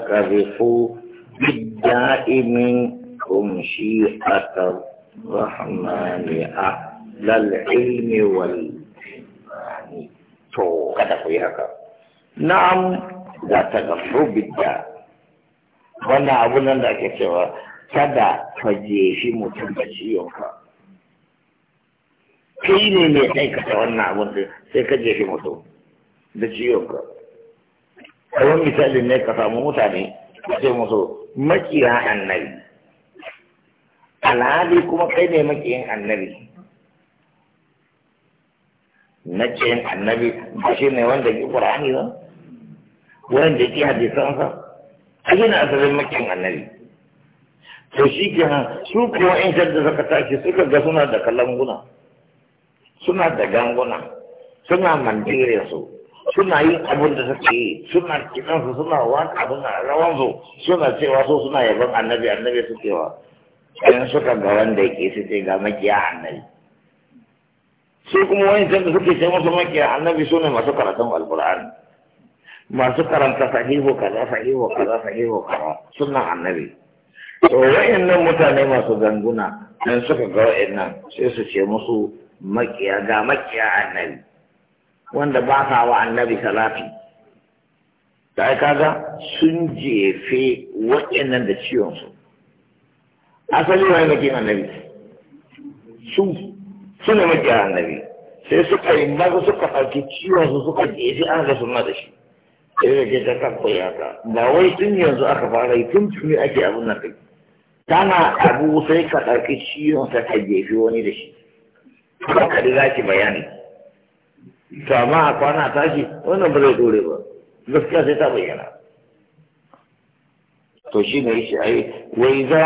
taqrifu bidda'imin kum syi'atar a ahlal ilmi wal imani. To, kata ku ya kak. Naam, da taqrifu bidda. Wanda abu nan da ake cewa kada ka jefi mutum da ciwon ka. Kai ne mai aikata wannan abu sai ka jefi mutum da ciwon ka. kawai misalin ne ka samu mutane ka ce musu makiya annabi alhali kuma kai ne makiyin annabi yin annabi ba shi ne wanda ke ƙura'ani ba wanda ke sa? a na asalin makiyin annabi to shi ke su kuma in da suka tashi suka ga suna da kalanguna suna da ganguna suna so. suna yin abin da suke yi suna kiɗansu suna wani abin rawansu suna cewa so suna yaban annabi annabi su cewa in suka ga wanda yake su ce ga makiya annabi su kuma wani da suke ce musu makiya annabi su ne masu karatun alkur'ani masu karanta sahihu kaza sahihu kaza sahihu kaza suna annabi to wayannan mutane masu ganguna in suka ga wayannan sai su ce musu makiya ga makiya annabi wanda ba sa wa annabi salati da ai kaga sun jefe waɗannan da ciwon su asali wani makin annabi su su ne annabi sai suka yi maza suka ɗauki ciwon su suka jefe an ga suna da shi sai da ke ta kafa ka ba wai tun yanzu aka fara yi tun tuni ake abin nan kai tana abu sai ka ɗauki ciwon sa ka jefe wani da shi ba ka da zaki ki bayani to amma a kwana tashi wannan ba zai dore ba gaskiya sai ta bayyana to shi ne shi ai wai za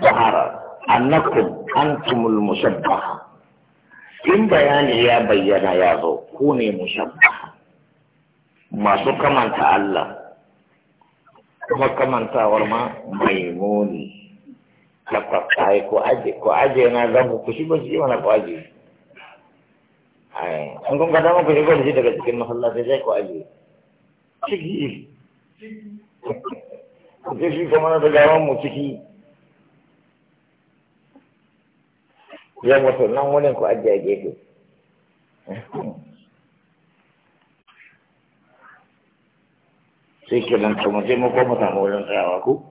bahara annakum antumul musabbaha in bayani ya bayyana ya zo ku ne musabbaha masu kamanta Allah kuma kamantawar ma maimuni na kwafta ko aje ko aje na zan ku shi ba shi mana ko aje an kun kada muku shigo da shi daga cikin masallaci sai ku aje ciki ku ce shi kuma da mu ciki ya wato nan wurin ku aje a gefe sai ke nan kuma mu koma samu wurin tsayawa ku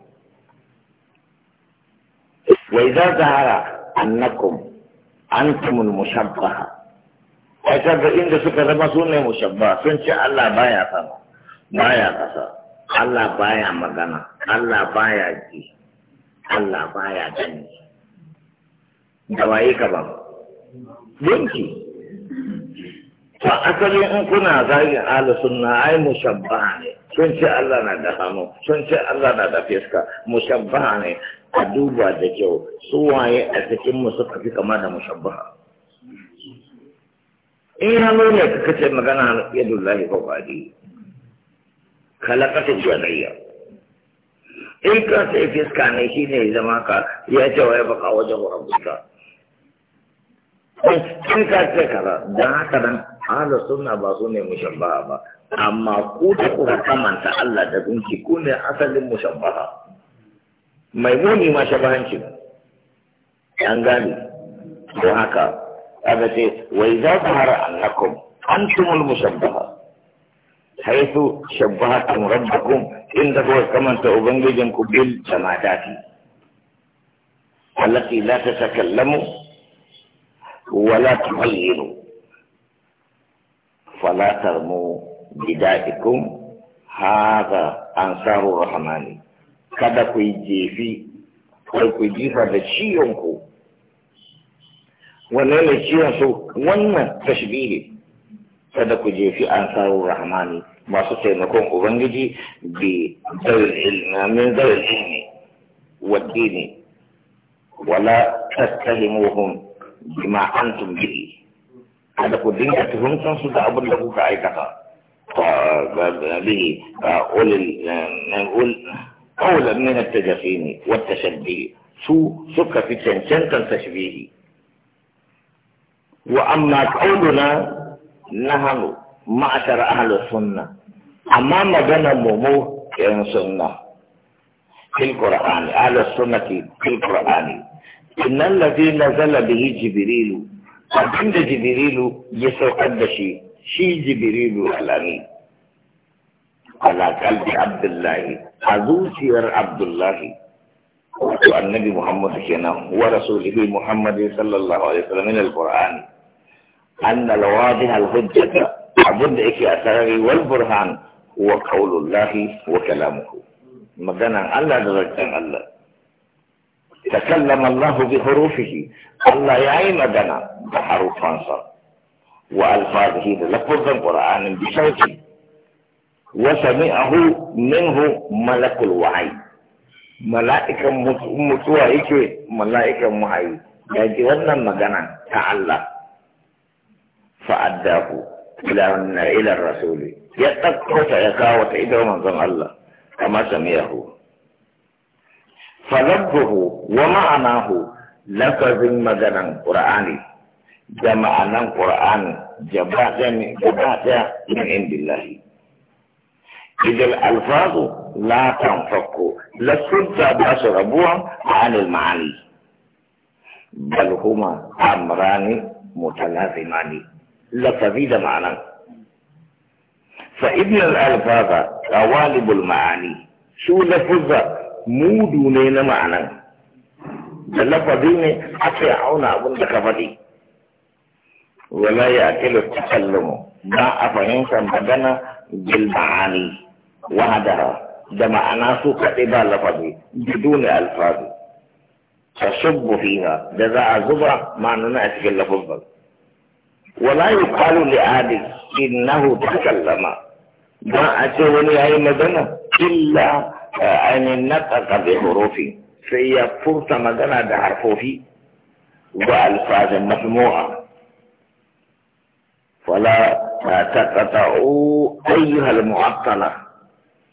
wai za zahara annakum antumul mushabbaha a ga inda suka zama su ne mushabba sun ce Allah baya sama baya kasa Allah baya magana Allah baya ji Allah baya gani da waye ka ba dinki to asalin in kuna zagi ala sunna ai mushabba ne sun ce Allah na da hannu sun ce Allah na da fiska mushabba ne a duba da kyau su waye a cikin mu suka fi kama da mushabba in eh, hannu ne ka ce magana yadullahi ko kwadi kalakatin janayya in ka sai fiska ne shi ne zama ka ya ce wa ya baka wajen abuka in ka ce kaza don haka nan ala sunna ba su ne mushabbaha ba amma ku da kuka samanta Allah da binki ku ne asalin mushabbaha mai muni ma shabahanci an gani, ko haka ابدي وإذا ظهر أنكم أنتم المشبهة حيث شبهتم ربكم إن تقول كما تأبنجنكم بالجمادات التي لا تتكلم ولا تغير فلا ترموا بدائكم هذا أنصار الرحمن كذا كيجي في كيجي kai ku wannan mai so wannan tashbihi kada ku je fi an sawo rahmani masu taimakon ubangiji bi min zarar ilmi wadda ne wala tattahimuhum bima antum bihi kada ku dinga tuhumtan su da abin da kuka aikata bihi ulil qawlan min at-tajfini wat-tashbih su suka fi cancantan tashbihi وأما قولنا نحن معشر أهل السنة أما مجانا ممو كان سنة في القرآن أهل السنة في القرآن إن الذي نزل به جبريل وعند جبريل يسوقد شيء شي جبريل الأمين على قلب عبد الله أذوسير عبد الله وأن النبي محمد كنا ورسوله محمد صلى الله عليه وسلم من القرآن أن الواضح الهجة عبد إكي أثاري والبرهان هو قول الله وكلامه مدنا الله درجة الله تكلم الله بحروفه الله يعي مدنا بحروف أنصر وألفاظه لفظ القرآن بصوته وسمعه منه ملك الوعي ملائكة متوى ملائكة معي يجي ونن مدنا كالله فأداه إلى إلى الرسول يتقوت يكاوت إذا من الله كما سميه فلبه ومعناه لفظ مدنا قرآني جمعنا القرآن جماعة من عند الله إذا الألفاظ لا تنفق لست بأس ربوع عن المعاني بل هما أمران متلازمان لفظي ده معنى فإبن الألفاظ غوالب المعاني شو لفظة مودونين معنى لفظين أفعون أبن كفدي ولا يأكل التكلم ما أفهم بدنا بالمعاني وهذا ده معنى سو كتبا لفظي بدون ألفاظ تصب فيها ده ذا عزبا معنى نأتي اللفظة ولا يقال لآدم إنه تكلم ما أتوني أي مدنة إلا أن نطق بحروف فهي فرصة مدنة بحرفه وألفاظ مسموعة فلا تقطعوا أيها المعطلة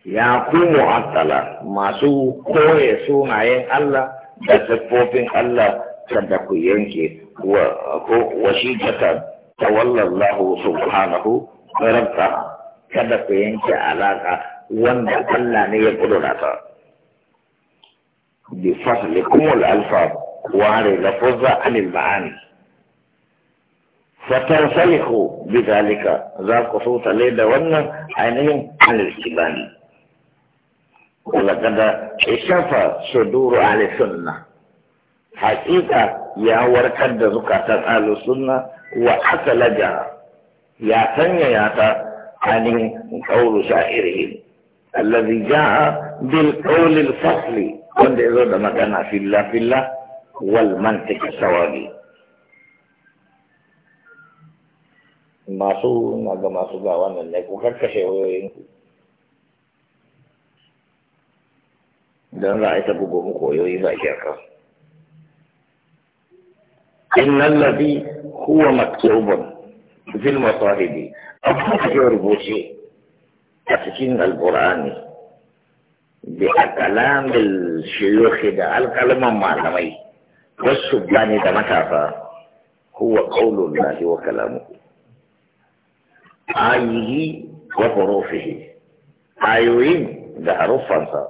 يا كو معطلة ما سو كوي معين الله بس فوفين الله kada ينكي yanke تولى الله سبحانه ربك كذا بينك علاقة وان الله نيقولنا تا بفصل كل الفاظ واري لفظة عن المعاني فتنسلخ بذلك ذاك صوت ليدا وانا عينيهم عن الاجتماع ولقد اشاف صدور اهل السنه حقيقه يا وركد زكاه اهل السنه وحصل جا يا ثانية يا عن قول شاعرهم الذي جاء بالقول الفصل عند إذا ما كان في الله في الله والمنطق السوالي masu na ga masu ga wannan ne ku karkashe wayoyin ku dan za a ita bugo muku هو مكتوب في المصاحب أبوك يربوشي تفكين القرآن بأكلام الشيوخ ده الكلام معلمي والسبيان ده متعفى هو قول الله وكلامه آيه وحروفه آيوين ده حروفا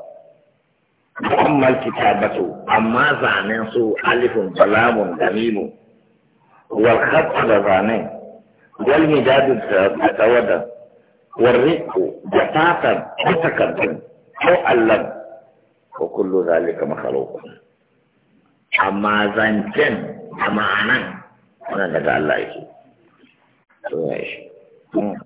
أما الكتابة أما زعنين سو ألف كلام دميم والخط da zane والمداد التودع والرق جفافا متكبر او اللب وكل ذلك مخلوق أما زنتين أما انا أنا نجعل الله يجي